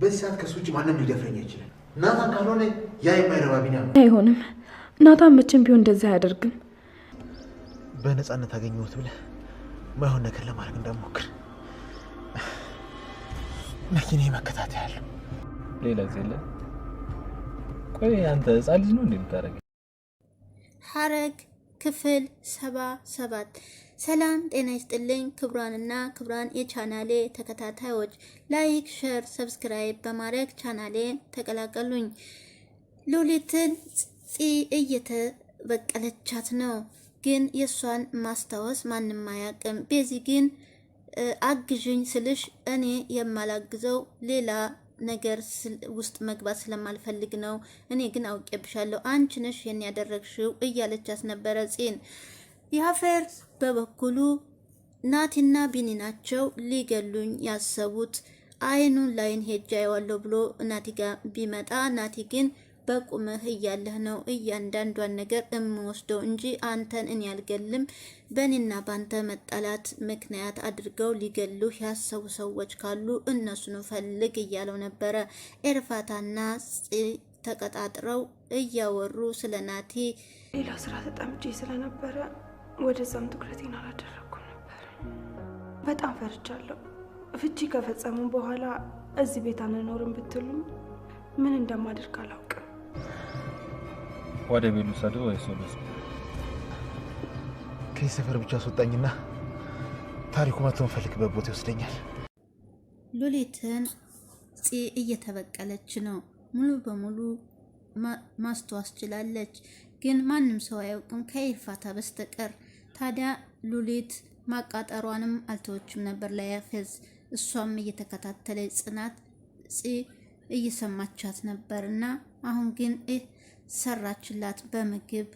በዚህ ሰዓት ከሱ ውጭ ማንም ሊደፍረኝ አይችልም። ናታን ካልሆነ ያ የማይረባ ቢኒያም አይሆንም። ናታን መቼም ቢሆን እንደዚህ አያደርግም። በነፃነት አገኘሁት ብለህ ማይሆን ነገር ለማድረግ እንዳትሞክር። መኪና መከታተያ ያለ ሌላ ዜለ ቆይ፣ አንተ ህፃን ልጅ ነው እንደምታደርገ ሐረግ ክፍል ሰባ ሰባት ሰላም ጤና ይስጥልኝ። ክብሯንና ክብሯን የቻናሌ ተከታታዮች ላይክ፣ ሸር፣ ሰብስክራይብ በማድረግ ቻናሌ ተቀላቀሉኝ። ሉሊትን ፂ እየተበቀለቻት ነው፣ ግን የእሷን ማስታወስ ማንም አያውቅም። ቤዚ ግን አግዥኝ ስልሽ እኔ የማላግዘው ሌላ ነገር ውስጥ መግባት ስለማልፈልግ ነው። እኔ ግን አውቄብሻለሁ፣ አንቺ ነሽ ይሄን ያደረግሽው እያለቻት ነበረ ፂን ያፌር በበኩሉ ናቲና ቢኒ ናቸው ሊገሉኝ ያሰቡት አይኑን ላይን ሄጃ የዋለሁ ብሎ ናቲ ጋር ቢመጣ ናቲ ግን በቁምህ እያለህ ነው እያንዳንዷን ነገር እምወስደው እንጂ አንተን እኔ አልገልም። በእኔና በአንተ መጣላት ምክንያት አድርገው ሊገሉህ ያሰቡ ሰዎች ካሉ እነሱን ፈልግ እያለው ነበረ። ኤርፋታና ጽ ተቀጣጥረው እያወሩ ስለ ናቲ ሌላ ስራ ተጠምጄ ስለነበረ ወደዛም ትኩረቴን አላደረኩም ነበር። በጣም ፈርቻለሁ። ፍቺ ከፈጸሙ በኋላ እዚህ ቤት አንኖርም ብትሉም ምን እንደማደርግ አላውቅም። ወደ ቤት ልውሰድህ ወይስ ከዚህ ሰፈር ብቻ አስወጣኝና ታሪኩ መቶ የምፈልግበት ቦታ ይወስደኛል። ሉሊትን ፂ እየተበቀለች ነው። ሙሉ በሙሉ ማስተዋስ ችላለች፣ ግን ማንም ሰው አያውቅም ከኤልፋታ በስተቀር ታዲያ ሉሊት ማቃጠሯንም አልተወችም ነበር ለያፌዝ። እሷም እየተከታተለ ጽናት ጽ እየሰማቻት ነበር እና አሁን ግን እህ ሰራችላት በምግብ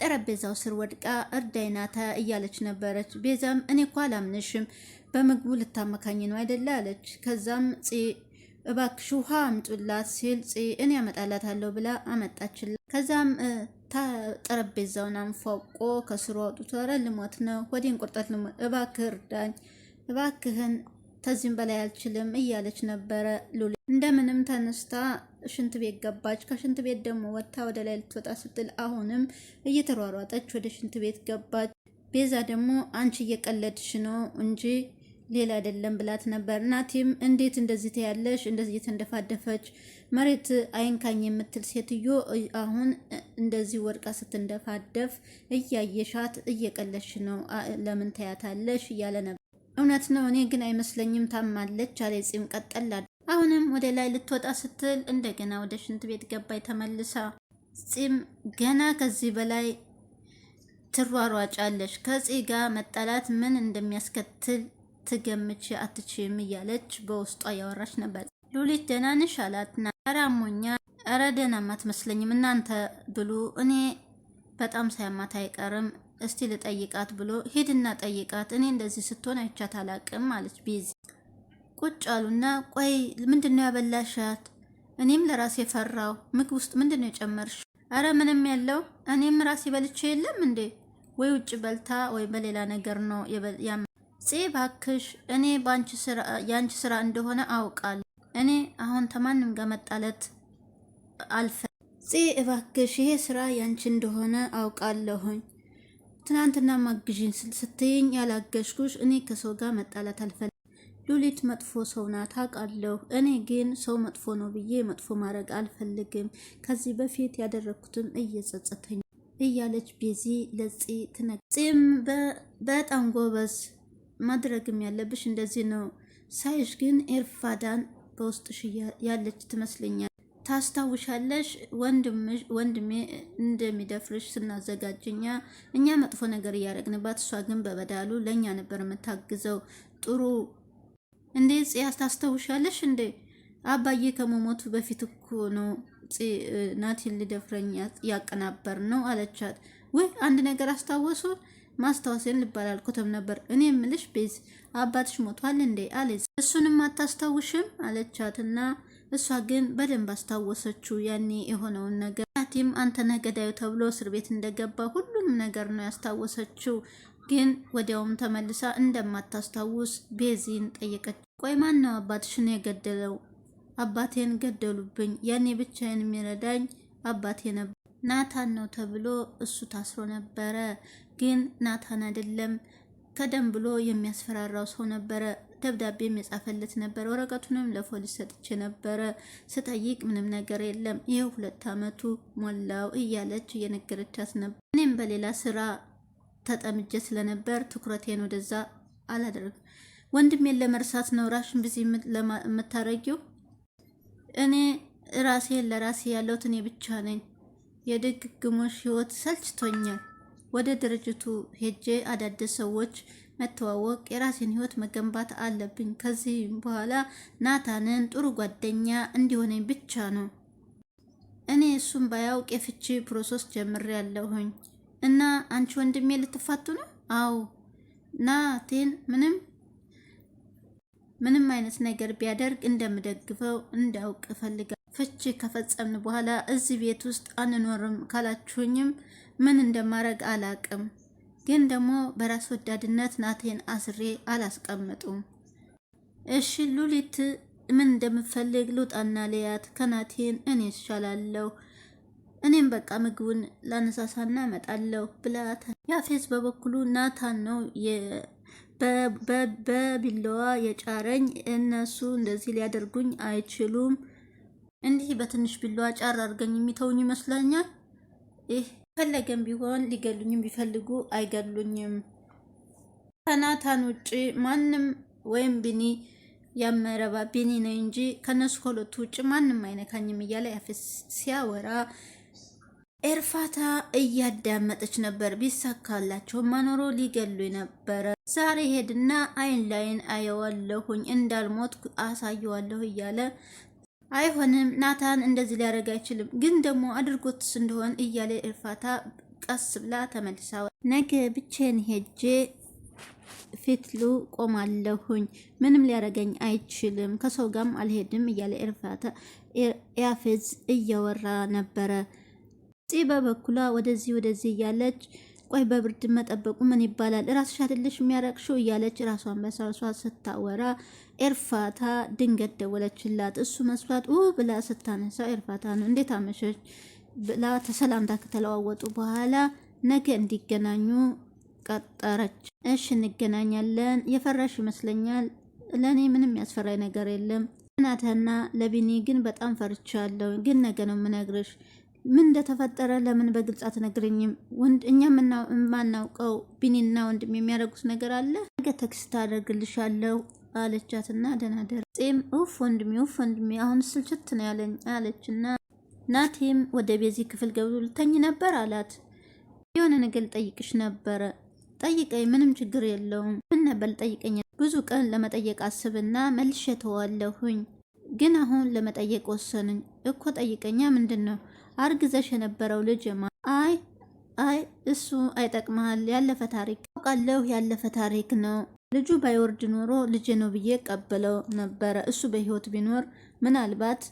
ጠረጴዛው ስር ወድቃ እርዳይናታ እያለች ነበረች። ቤዛም እኔ እኮ አላምንሽም በምግቡ ልታመካኝ ነው አይደለ አለች። ከዛም ጽ እባክሽ ውሃ አምጡላት ሲል ጽ እኔ አመጣላታለሁ ብላ አመጣችላት። ከዛም ጠረጴዛውን አንፏቆ ከስሩ አውጥቶ ኧረ ልሞት ነው፣ ወዲን ቁርጠት ልሞት፣ እባክህ እርዳኝ፣ እባክህን ተዚህም በላይ አልችልም እያለች ነበረ። ሉሊ እንደምንም ተነስታ ሽንት ቤት ገባች። ከሽንት ቤት ደግሞ ወጥታ ወደ ላይ ልትወጣ ስትል አሁንም እየተሯሯጠች ወደ ሽንት ቤት ገባች። ቤዛ ደግሞ አንቺ እየቀለድሽ ነው እንጂ ሌላ አይደለም ብላት ነበር። ናቲም እንዴት እንደዚህ ትያለሽ? እንደዚህ እየተንደፋደፈች መሬት አይንካኝ የምትል ሴትዮ አሁን እንደዚህ ወድቃ ስትንደፋደፍ እያየሻት እየቀለሽ ነው፣ ለምን ታያታለሽ? እያለ ነበር። እውነት ነው፣ እኔ ግን አይመስለኝም ታማለች አለ ፂም ቀጠላል አሁንም ወደ ላይ ልትወጣ ስትል እንደገና ወደ ሽንት ቤት ገባይ ተመልሳ ፂም ገና ከዚህ በላይ ትሯሯጫለች። ከጺ ጋር መጣላት ምን እንደሚያስከትል ትገምች አትችም እያለች በውስጧ እያወራች ነበር። ሉሊት ደህና ነሽ አላትና ኧረ አሞኛል፣ ኧረ ደህናም አትመስለኝም እናንተ ብሉ፣ እኔ በጣም ሳያማት አይቀርም፣ እስቲ ልጠይቃት ብሎ ሂድና ጠይቃት፣ እኔ እንደዚህ ስትሆን አይቻት አላቅም አለች ቢዚ። ቁጭ አሉና ቆይ ምንድን ነው ያበላሻት? እኔም ለራሴ ፈራው። ምግብ ውስጥ ምንድን ነው የጨመርሽ? አረ ምንም የለው፣ እኔም ራሴ በልቼ የለም እንዴ ወይ ውጭ በልታ ወይ በሌላ ነገር ነው ጽ ባክሽ፣ እኔ የአንቺ ስራ እንደሆነ አውቃለሁ። እኔ አሁን ተማንም ጋር መጣለት አልፈ ጽ እባክሽ፣ ይሄ ስራ ያንቺ እንደሆነ አውቃለሁኝ። ትናንትና ማግዥን ስትይኝ ያላገሽኩሽ እኔ ከሰው ጋር መጣላት አልፈል ሉሊት መጥፎ ሰው ናት አውቃለሁ። እኔ ግን ሰው መጥፎ ነው ብዬ መጥፎ ማድረግ አልፈልግም። ከዚህ በፊት ያደረግኩትም እየጸጸተኝ እያለች ቤዚ ለጽ ትነ ጽም በጣም ጎበዝ ማድረግም ያለብሽ እንደዚህ ነው። ሳይሽ ግን ኤርፋዳን በውስጥሽ ያለች ትመስለኛል። ታስታውሻለሽ ወንድሜ እንደሚደፍርሽ ስናዘጋጅ እኛ እኛ መጥፎ ነገር እያደረግንባት፣ እሷ ግን በበዳሉ ለእኛ ነበር የምታግዘው። ጥሩ እንዴ ጽያ ታስታውሻለሽ እንዴ? አባዬ ከመሞቱ በፊት እኮ ነው ናቲን ሊደፍረኝ ያቀናበር ነው አለቻት። ወይ አንድ ነገር አስታወሱ ማስታወሴን ልባል አልኩትም ነበር። እኔ የምልሽ ቤዝ አባትሽ ሞቷል እንዴ አለች። እሱንም አታስታውሽም አለቻትና እሷ ግን በደንብ አስታወሰችው ያኔ የሆነውን ነገር። ናቲም አንተ ነገዳዩ ተብሎ እስር ቤት እንደገባ ሁሉንም ነገር ነው ያስታወሰችው። ግን ወዲያውም ተመልሳ እንደማታስታውስ ቤዚን ጠየቀች። ቆይ ማን ነው አባትሽን የገደለው? አባቴን ገደሉብኝ። ያኔ ብቻዬን የሚረዳኝ አባቴ ነበር ናታን ነው ተብሎ እሱ ታስሮ ነበረ። ግን ናታን አይደለም ቀደም ብሎ የሚያስፈራራው ሰው ነበረ። ደብዳቤም የጻፈለት ነበር። ወረቀቱንም ለፖሊስ ሰጥቼ ነበረ። ስጠይቅ ምንም ነገር የለም። ይህ ሁለት ዓመቱ ሞላው እያለች እየነገረቻት ነበር። እኔም በሌላ ስራ ተጠምጄ ስለነበር ትኩረቴን ወደዛ አላደርግም። ወንድሜን ለመርሳት ነው ራሽን ብዚ የምታረጊው? እኔ ራሴን ለራሴ ያለሁት እኔ ብቻ ነኝ። የድግግሞሽ ህይወት ሰልችቶኛል። ወደ ድርጅቱ ሄጄ አዳዲስ ሰዎች መተዋወቅ፣ የራሴን ህይወት መገንባት አለብኝ። ከዚህም በኋላ ናታንን ጥሩ ጓደኛ እንዲሆነኝ ብቻ ነው። እኔ እሱም ባያውቅ የፍቺ ፕሮሰስ ጀምሬ ያለሁኝ እና አንቺ ወንድሜ ልትፋቱ ነው? አዎ ናቴን ምንም ምንም አይነት ነገር ቢያደርግ እንደምደግፈው እንዳውቅ እፈልጋለሁ። ፍቺ ከፈጸምን በኋላ እዚህ ቤት ውስጥ አንኖርም ካላችሁኝም ምን እንደማረግ አላቅም። ግን ደግሞ በራስ ወዳድነት ናቴን አስሬ አላስቀምጡም። እሺ ሉሊት ምን እንደምፈልግ ልውጣና ልያት ከናቴን እኔ ይሻላለሁ። እኔም በቃ ምግቡን ላነሳሳና እመጣለሁ ብላ ያፌዝ በበኩሉ ናታን ነው በቢላዋ የጫረኝ እነሱ እንደዚህ ሊያደርጉኝ አይችሉም። እንዲህ በትንሽ ቢላዋ ጫር አድርገኝ የሚተውኝ ይመስለኛል ይህ ፈለገም ቢሆን ሊገሉኝም ቢፈልጉ አይገሉኝም። ከናታን ውጭ ማንም ወይም ቢኒ ያመረባ ቢኒ ነው እንጂ ከነሱ ከሁለቱ ውጭ ማንም አይነካኝም እያለ ያፍስ ሲያወራ ኤርፋታ እያዳመጠች ነበር። ቢሳካላቸው ማኖሮ ሊገሉ ነበረ። ዛሬ ሄድና አይን ላይን አየዋለሁኝ እንዳልሞት አሳየዋለሁ እያለ አይሆንም ናታን እንደዚህ ሊያደርግ አይችልም፣ ግን ደግሞ አድርጎትስ እንደሆን እያለ እርፋታ ቀስ ብላ ተመልሳ ነገ ብቻዬን ሄጄ ፊትሉ ቆማለሁኝ፣ ምንም ሊያደርገኝ አይችልም፣ ከሰው ጋርም አልሄድም እያለ እርፋታ ያፌዝ እያወራ ነበረ። ጽ በበኩሏ ወደዚህ ወደዚህ እያለች ቆይ በብርድ መጠበቁ ምን ይባላል? ራስሽ አይደለሽ የሚያረቅሽው እያለች ራሷን በሳሷ ስታወራ ኤርፋታ ድንገት ደወለችላት። እሱ መስሏት ብላ ስታነሳው ኤርፋታ ነው። እንዴት አመሸች ብላ ተሰላምታ ከተለዋወጡ በኋላ ነገ እንዲገናኙ ቀጠረች። እሽ እንገናኛለን። የፈራሽ ይመስለኛል። ለእኔ ምንም ያስፈራኝ ነገር የለም። ናተና ለቢኒ ግን በጣም ፈርቻለሁ። ግን ነገ ነው የምነግርሽ። ምን እንደተፈጠረ ለምን በግልጽ አትነግርኝም? ወንድ እኛ የማናውቀው ቢኒና ወንድም የሚያደርጉት ነገር አለ። ነገ ተክስት አደርግልሻለሁ አለቻትና ደናደር ጤም ውፍ ወንድሜ ውፍ ወንድሜ አሁን ስልችት ነው ያለኝ አለችና ናቲም ወደ ቤዚ ክፍል ገብቶ ልተኝ ነበር አላት። የሆነ ነገር ልጠይቅሽ ነበረ። ጠይቀኝ፣ ምንም ችግር የለውም። ምን ነበር ልጠይቀኝ? ብዙ ቀን ለመጠየቅ አስብና መልሼ ተዋለሁኝ፣ ግን አሁን ለመጠየቅ ወሰንኝ እኮ። ጠይቀኛ። ምንድን ነው? አርግዘሽ የነበረው ልጅ ማ? አይ አይ፣ እሱ አይጠቅመሃል። ያለፈ ታሪክ አውቃለሁ፣ ያለፈ ታሪክ ነው። ልጁ ባይወርድ ኖሮ ልጄ ነው ብዬ ቀበለው ነበረ። እሱ በህይወት ቢኖር ምናልባት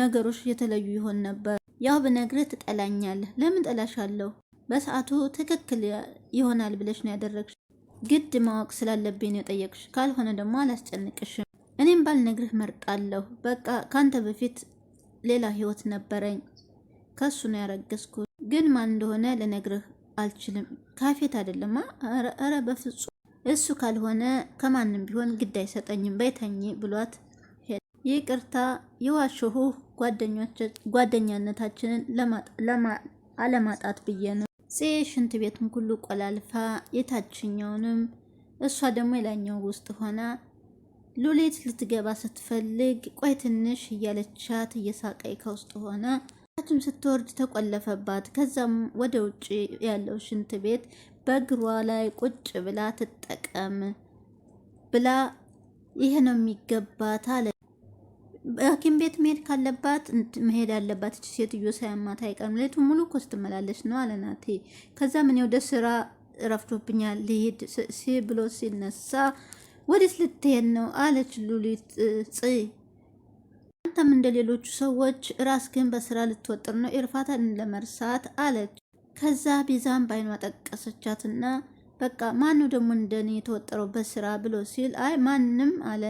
ነገሮች የተለዩ ይሆን ነበር። ያው ብነግርህ ትጠላኛለህ። ለምን ጠላሻለሁ? በሰዓቱ ትክክል ይሆናል ብለሽ ነው ያደረግሽ። ግድ ማወቅ ስላለብኝ ነው የጠየቅሽ። ካልሆነ ደግሞ አላስጨንቅሽም። እኔም ባልነግርህ መርጣለሁ። በቃ ከአንተ በፊት ሌላ ህይወት ነበረኝ። ከሱ ነው ያረገዝኩት። ግን ማን እንደሆነ ልነግርህ አልችልም። ካፌት አይደለማ። ኧረ በፍጹም እሱ ካልሆነ ከማንም ቢሆን ግድ አይሰጠኝም በይተኝ ብሏት ሄደ። ይቅርታ የዋሸሁ ጓደኛነታችንን አለማጣት ብዬ ነው። ፄ ሽንት ቤቱን ሁሉ ቆላልፋ የታችኛውንም እሷ ደግሞ የላኛው ውስጥ ሆና ሉሊት ልትገባ ስትፈልግ ቆይ ትንሽ እያለቻት እየሳቀይ ከውስጥ ሆነ። ታችም ስትወርድ ተቆለፈባት። ከዛም ወደ ውጭ ያለው ሽንት ቤት በእግሯ ላይ ቁጭ ብላ ትጠቀም ብላ ይሄ ነው የሚገባት አለ። ሐኪም ቤት መሄድ ካለባት መሄድ አለባት። እች ሴትዮ ሳያማት አይቀርም። ሌቱን ሙሉ እኮ ስትመላለስ ነው አለ ከዛ ምን ወደ ስራ ረፍዶብኛል ልሂድ ሲ ብሎ ሲነሳ ወዴት ልትሄድ ነው አለች ሉሊት ጽ አንተም እንደ ሌሎቹ ሰዎች ራስ ግን በስራ ልትወጥር ነው፣ ኢርፋታን ለመርሳት አለች ከዛ ቤዛም በአይኗ ጠቀሰቻትና በቃ ማነው ደግሞ እንደኔ የተወጠረው በስራ ብሎ ሲል አይ ማንም አለ።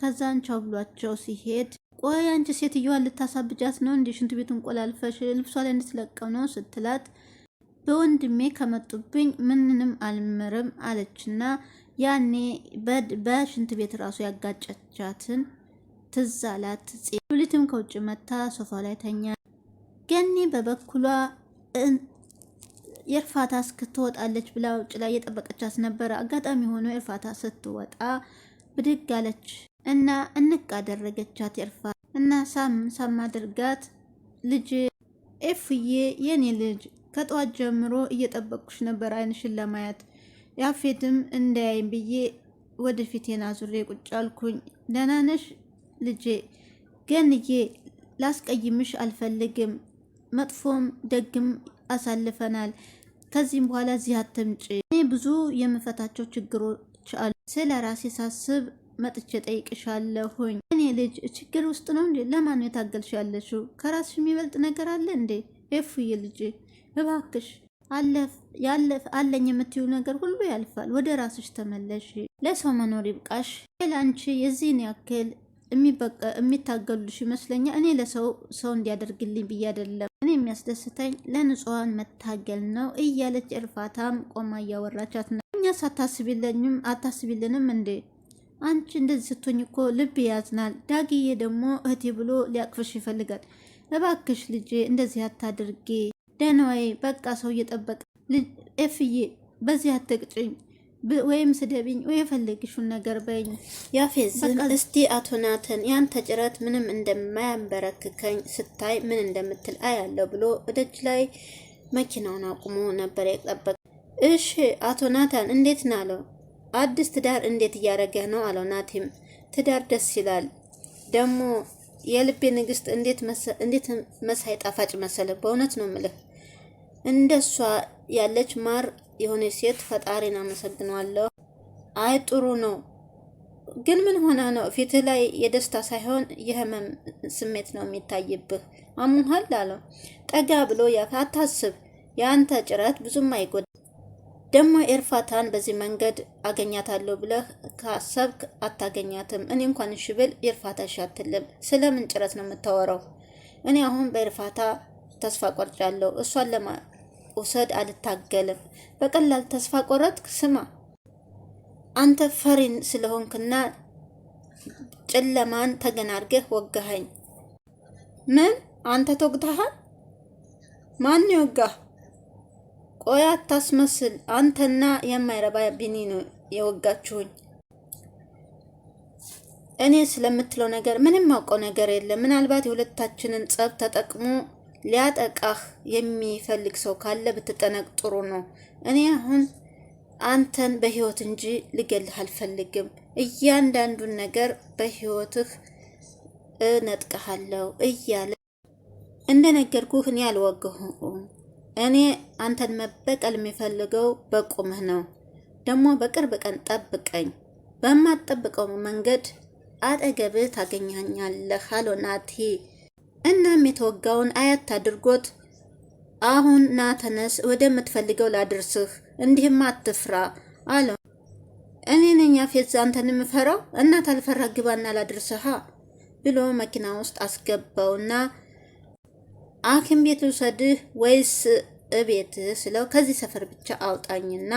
ከዛን ቻው ብሏቸው ሲሄድ ቆይ አንቺ ሴትዮዋን ልታሳብጃት ነው እንዲ ሽንት ቤቱን ቆላልፈሽ ልብሷ ላይ እንድትለቀው ነው ስትላት በወንድሜ ከመጡብኝ ምንንም አልምርም አለችና ያኔ በሽንት ቤት ራሱ ያጋጨቻትን ትዝ አላት። ሉሊትም ከውጭ መታ ሶፋ ላይ ተኛ። ገኒ በበኩሏ የእርፋታ እስክትወጣለች ብላ ውጭ ላይ የጠበቀቻት ነበረ። አጋጣሚ ሆኖ እርፋታ ስትወጣ ብድግ አለች እና እንቅ አደረገቻት። የእርፋ እና ሳም ሳም አድርጋት ልጅ ኤፍዬ የኔ ልጅ ከጠዋት ጀምሮ እየጠበቅኩሽ ነበር አይንሽን ለማየት ያፌትም እንዳያይም ብዬ ወደፊቴን አዙሬ ቁጭ አልኩኝ። ደህና ነሽ ልጄ? ገንዬ ላስቀይምሽ አልፈልግም መጥፎም ደግም አሳልፈናል። ከዚህም በኋላ እዚህ አትምጭ። እኔ ብዙ የምፈታቸው ችግሮች አሉ። ስለ ራሴ ሳስብ መጥቼ ጠይቅሻለሁኝ። እኔ ልጅ ችግር ውስጥ ነው እንዴ? ለማን ነው የታገልሽ ያለሽው? ከራስሽ የሚበልጥ ነገር አለ እንዴ? ኤፉዬ ልጅ እባክሽ አለኝ የምትዩ ነገር ሁሉ ያልፋል። ወደ ራስሽ ተመለሽ። ለሰው መኖር ይብቃሽ። አንቺ የዚህን ያክል የሚታገሉሽ ይመስለኛል። እኔ ለሰው ሰው እንዲያደርግልኝ ብዬ አይደለም። እኔ የሚያስደስተኝ ለንጹሐን መታገል ነው እያለች እርፋታም ቆማ እያወራቻት ነው። እኛ ሳታስቢለኝም አታስቢልንም እንዴ አንቺ እንደዚህ ስትሆኝ እኮ ልብ ያዝናል። ዳግዬ ደግሞ እህቴ ብሎ ሊያቅፍሽ ይፈልጋል። እባክሽ ልጄ እንደዚህ አታድርጌ ደህናዬ፣ በቃ ሰው እየጠበቀ ኤፍዬ፣ በዚህ አትቅጭኝ ወይም ስደብኝ ወይ የፈለግሽውን ነገር በኝ። ያፌዝም እስቲ አቶ ናተን ያንተ ጭረት ምንም እንደማያንበረክከኝ ስታይ ምን እንደምትል አያለው ብሎ እደጅ ላይ መኪናውን አቁሞ ነበር የጠበቀ። እሺ አቶ ናታን እንዴት ና አለው። አዲስ ትዳር እንዴት እያደረገ ነው አለው። ናቲም ትዳር ደስ ይላል ደግሞ የልቤ ንግስት እንዴት መሳይ ጣፋጭ መሰለ። በእውነት ነው ምልህ እንደሷ ያለች ማር የሆነ ሴት ፈጣሪን አመሰግነዋለሁ። አይ ጥሩ ነው፣ ግን ምን ሆነ ነው? ፊት ላይ የደስታ ሳይሆን የህመም ስሜት ነው የሚታይብህ። አሙሃል አለው። ጠጋ ብሎ አታስብ፣ የአንተ ጭረት ብዙም አይጎዳ። ደግሞ ኤርፋታን በዚህ መንገድ አገኛታለሁ ብለህ ካሰብክ አታገኛትም። እኔ እንኳን እሺ ብል ኤርፋታ እሺ አትልም። ስለምን ጭረት ነው የምታወራው? እኔ አሁን በኤርፋታ ተስፋ ቆርጫለሁ። እሷን ውሰድ፣ አልታገልም። በቀላል ተስፋ ቆረጥክ። ስማ አንተ ፈሪን ስለሆንክና ጨለማን ተገናርገህ ወጋኸኝ። ምን? አንተ ተወግተሃል? ማን ይወጋህ? ቆይ አታስመስል። አንተና የማይረባ ቢኒ ነው የወጋችሁኝ። እኔ ስለምትለው ነገር ምንም አውቀው ነገር የለም። ምናልባት የሁለታችንን ጸብ ተጠቅሞ ሊያጠቃህ የሚፈልግ ሰው ካለ ብትጠነቅ ጥሩ ነው። እኔ አሁን አንተን በህይወት እንጂ ልገልህ አልፈልግም። እያንዳንዱን ነገር በህይወትህ እነጥቀሃለሁ እያለ እንደነገርኩህ እኔ አልወግሁም። እኔ አንተን መበቀል የሚፈልገው በቁምህ ነው። ደግሞ በቅርብ ቀን ጠብቀኝ፣ በማትጠብቀው መንገድ አጠገብህ ታገኛኛለህ አሎ እናም የተወጋውን አያት አድርጎት አሁን ና ተነስ፣ ወደምትፈልገው ላድርስህ፣ እንዲህም አትፍራ አለው። እኔ ነኝ ያፌት አንተን የምፈራው? እናት አልፈራ፣ ግባና ላድርስሃ ብሎ መኪና ውስጥ አስገባውና አክም ቤት ውሰድህ ወይስ እቤት ስለው ከዚህ ሰፈር ብቻ አውጣኝና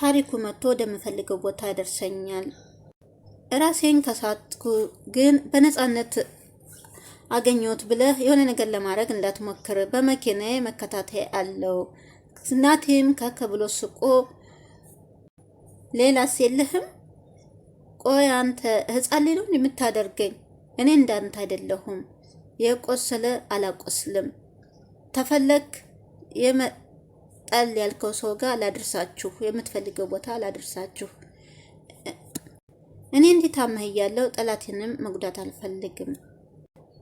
ታሪኩ መጥቶ ወደምፈልገው ቦታ ያደርሰኛል። ራሴን ከሳትኩ ግን በነጻነት አገኘሁት ብለህ የሆነ ነገር ለማድረግ እንዳትሞክር በመኪና መከታተያ አለው። እናቴም ከክ ብሎ ስቆ ሌላስ የለህም? ቆይ አንተ ህፃን ሌለው የምታደርገኝ እኔ እንዳንተ አይደለሁም። የቆሰለ አላቆስልም። ተፈለክ የመጣል ያልከው ሰው ጋር አላደርሳችሁ፣ የምትፈልገው ቦታ አላደርሳችሁ። እኔ እንዲህ ታመህ እያለሁ ጠላቴንም መጉዳት አልፈልግም።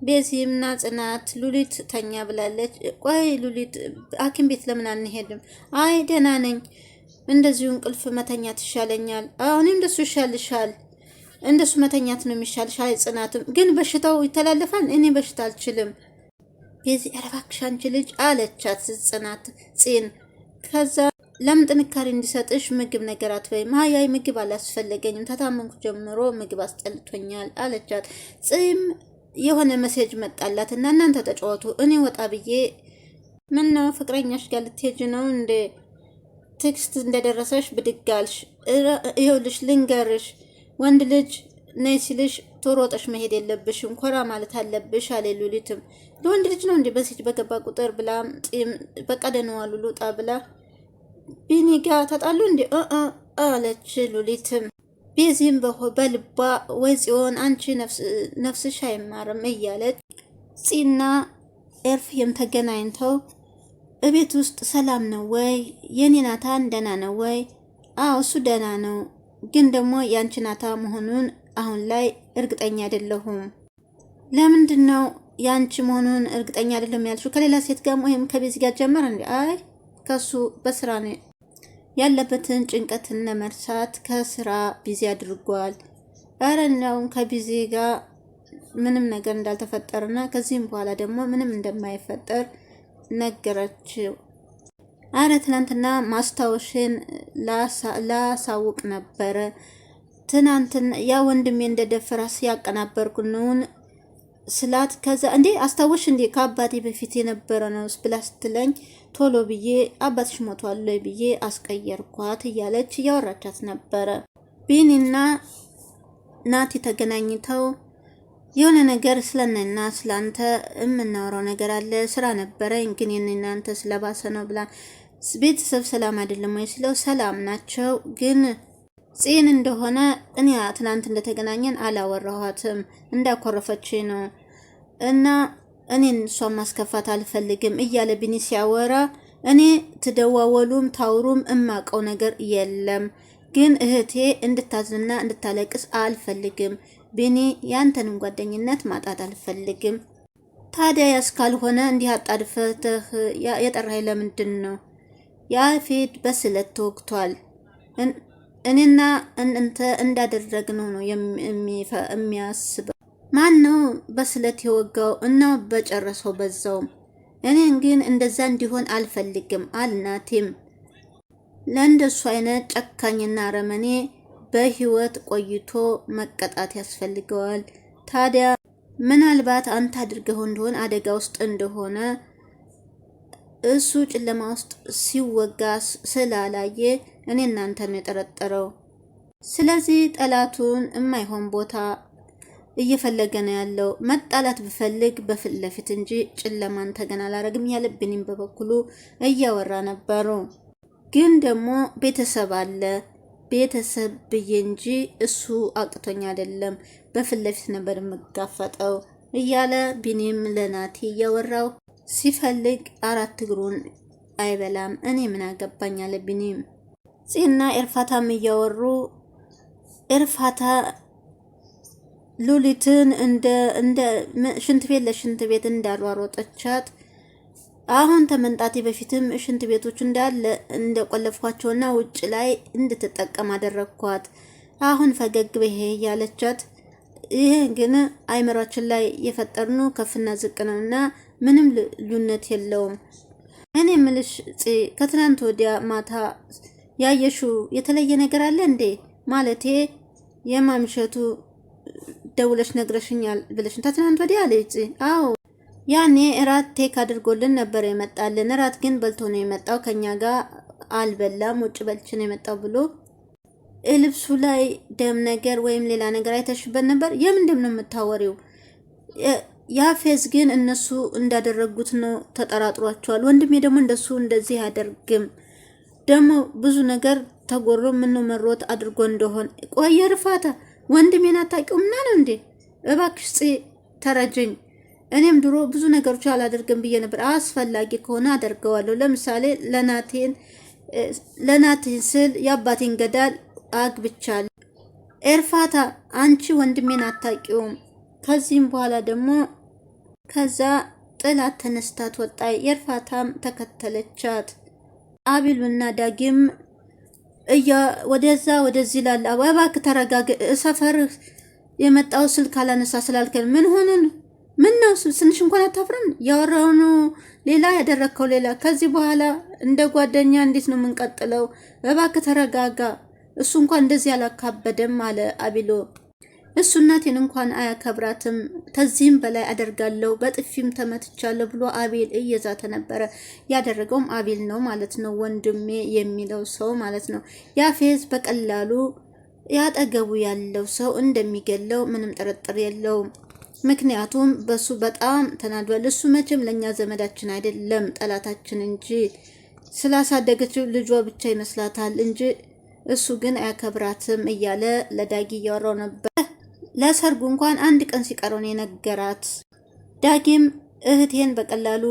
ቤዚምና ጽናት ሉሊት ተኛ ብላለች። ቆይ ሉሊት ሐኪም ቤት ለምን አንሄድም? አይ ደህና ነኝ፣ እንደዚሁ እንቅልፍ መተኛት ይሻለኛል። አሁን እንደሱ ይሻልሻል፣ እንደሱ መተኛት ነው የሚሻልሻል። ጽናትም ግን በሽታው ይተላለፋል፣ እኔ በሽታ አልችልም። ቤዚ ኧረ አንቺ ልጅ አለቻት ጽናት ጽን ከዛ ለምን ጥንካሬ እንዲሰጥሽ ምግብ ነገራት ወይ ማያይ ምግብ አላስፈለገኝም፣ ተታመንኩ ጀምሮ ምግብ አስጠልቶኛል አለቻት ጽም የሆነ መሴጅ መጣላት እና እናንተ ተጫወቱ፣ እኔ ወጣ ብዬ ምን ነው ፍቅረኛሽ ጋር ልትሄጅ ነው እንደ ቴክስት እንደደረሰሽ ብድጋልሽ ይኸውልሽ ልንገርሽ፣ ወንድ ልጅ ነይ ሲልሽ ቶሮጠሽ መሄድ የለብሽም ኮራ ማለት አለብሽ አለ ሉሊትም። ለወንድ ልጅ ነው እንዲ መሴጅ በገባ ቁጥር ብላ በቃ ደህና ልውጣ ብላ ቢኒ ጋ ተጣሉ እንዲ አለች ሉሊትም ቤዚም በልባ ወይ ጽዮን አንቺ ነፍስሽ አይማርም እያለች ፂና ኤርፍየም ተገናኝተው እቤት ውስጥ ሰላም ነው ወይ የኔ ናታን ደህና ነው ወይ? አዎ እሱ ደህና ነው፣ ግን ደግሞ የአንቺ ናታ መሆኑን አሁን ላይ እርግጠኛ አይደለሁም። ለምንድን ነው የአንቺ መሆኑን እርግጠኛ አይደለም ያልሽው? ከሌላ ሴት ጋር ወይም ከቤዚ ጋር ጀመረ እንዴ? አይ ከሱ በስራ ነው ያለበትን ጭንቀትን ለመርሳት ከስራ ቢዚ አድርጓል። እረ እንዲያውም ከቢዚ ጋር ምንም ነገር እንዳልተፈጠረና ከዚህም በኋላ ደግሞ ምንም እንደማይፈጠር ነገረችው። አረ ትናንትና ማስታወሽን ላሳውቅ ነበረ። ትናንትና ያ ወንድሜ እንደደፈራ ሲያቀናበርኩን ስላት ከዛ እንዴ አስታወሽ እንዴ ከአባቴ በፊት የነበረ ነው ብላ ስትለኝ ቶሎ ብዬ አባትሽ ሞቷል ብዬ አስቀየርኳት እያለች እያወራቻት ነበረ። ቢኒና ናቲ ተገናኝተው የሆነ ነገር ስለነና ስለአንተ የምናወራው ነገር አለ፣ ስራ ነበረኝ ግን የእናንተ ስለባሰ ነው ብላ ቤተሰብ ሰላም አይደለም ወይ ስለው ሰላም ናቸው ግን ጽን እንደሆነ እኔ ትናንት እንደተገናኘን አላወራኋትም እንዳኮረፈች ነው እና እኔን እሷን ማስከፋት አልፈልግም እያለ ቢኒ ሲያወራ እኔ ትደዋወሉም ታውሩም እማቀው ነገር የለም ግን እህቴ እንድታዝንና እንድታለቅስ አልፈልግም። ቢኒ ያንተንም ጓደኝነት ማጣት አልፈልግም። ታዲያ ያስካልሆነ እንዲህ አጣድፈትህ የጠራኸኝ ለምንድን ነው? ያፌት በስለት ተወግቷል። እኔና እንተ እንዳደረግነው ነው የሚያስበው። ማን ነው በስለት የወጋው? እናው በጨረሰው በዛውም። እኔን ግን እንደዛ እንዲሆን አልፈልግም አልናቴም ለእንደሱ አይነት ጨካኝና ረመኔ በህይወት ቆይቶ መቀጣት ያስፈልገዋል። ታዲያ ምናልባት አንተ አድርገው እንደሆን አደጋ ውስጥ እንደሆነ እሱ ጨለማ ውስጥ ሲወጋ ስላላየ እኔ እናንተን ነው የጠረጠረው። ስለዚህ ጠላቱን የማይሆን ቦታ እየፈለገ ነው ያለው። መጣላት ብፈልግ በፊት ለፊት እንጂ ጨለማን ተገን አላረግም ያለ በበኩሉ እያወራ ነበሩ። ግን ደግሞ ቤተሰብ አለ ቤተሰብ ብዬ እንጂ እሱ አቅቶኝ አይደለም በፊት ለፊት ነበር የምጋፈጠው እያለ ቢኒም ለናቲ እያወራው ሲፈልግ አራት እግሩን አይበላም። እኔ ምን አገባኝ አለ ቢኒም ጽና ኤርፋታም እያወሩ ኤርፋታ ሉሊትን እንደ እንደ ሽንት ቤት ለሽንት ቤት እንዳሯሮጠቻት አሁን ተመንጣቴ በፊትም ሽንት ቤቶች እንዳለ እንደቆለፍኳቸውና ውጭ ላይ እንድትጠቀም አደረግኳት። አሁን ፈገግ በሄ እያለቻት፣ ይሄ ግን አይምሯችን ላይ የፈጠርኑ ከፍና ዝቅ ነውና ምንም ልዩነት የለውም። እኔ ምልሽ ከትናንት ወዲያ ማታ ያየሹ የተለየ ነገር አለ እንዴ? ማለቴ የማምሸቱ ደውለሽ ነግረሽኛል ብለሽን ተትናንት ወዲያ አለች። አዎ ያኔ እራት ቴክ አድርጎልን ነበር የመጣልን። እራት ግን በልቶ ነው የመጣው፣ ከኛ ጋር አልበላም። ውጭ በልች ነው የመጣው ብሎ ልብሱ ላይ ደም ነገር ወይም ሌላ ነገር አይተሽበት ነበር? የምን ነው የምታወሪው? ያፌዝ ግን እነሱ እንዳደረጉት ነው ተጠራጥሯቸዋል። ወንድሜ ደግሞ እንደሱ እንደዚህ አያደርግም። ደግሞ ብዙ ነገር ተጎሮ ምነው መሮት አድርጎ እንደሆን ቆየ። ርፋታ ወንድሜን አታውቂውም ምና ነው እንዴ? እባክሽ ጽ ተረጅኝ። እኔም ድሮ ብዙ ነገሮች አላደርግም ብዬ ነበር። አስፈላጊ ከሆነ አደርገዋለሁ። ለምሳሌ ለናቴን ለናቴን ስል የአባቴን ገዳል አግብቻለሁ። ኤርፋታ አንቺ ወንድሜን አታውቂውም። ከዚህም በኋላ ደግሞ ከዛ ጥላት ተነስታት ወጣ። የእርፋታም ተከተለቻት። አቤልና ዳግም እያ ወደዛ ወደዚህ ላለ እባክህ ተረጋግ። ሰፈር የመጣው ስልክ አላነሳ ስላልከን ምን ሆነን ምን ነው ስንሽ እንኳን አታፍረን? ያወራውኑ ሌላ ያደረግከው ሌላ። ከዚህ በኋላ እንደ ጓደኛ እንዴት ነው የምንቀጥለው? እባክህ ተረጋጋ። እሱ እንኳን እንደዚህ አላካበደም አለ አቢሎ እሱ እናቴን እንኳን አያከብራትም፣ ከዚህም በላይ አደርጋለሁ፣ በጥፊም ተመትቻለሁ ብሎ አቤል እየዛተ ነበረ። ያደረገውም አቤል ነው ማለት ነው፣ ወንድሜ የሚለው ሰው ማለት ነው። ያፌዝ በቀላሉ ያጠገቡ ያለው ሰው እንደሚገለው ምንም ጥርጥር የለውም። ምክንያቱም በሱ በጣም ተናዷል። እሱ መቼም ለእኛ ዘመዳችን አይደለም ጠላታችን እንጂ ስላሳደገችው ልጇ ብቻ ይመስላታል እንጂ እሱ ግን አያከብራትም እያለ ለዳጊ እያወራው ነበር። ለሰርጉ እንኳን አንድ ቀን ሲቀረው ነው የነገራት። ዳጊም እህቴን በቀላሉ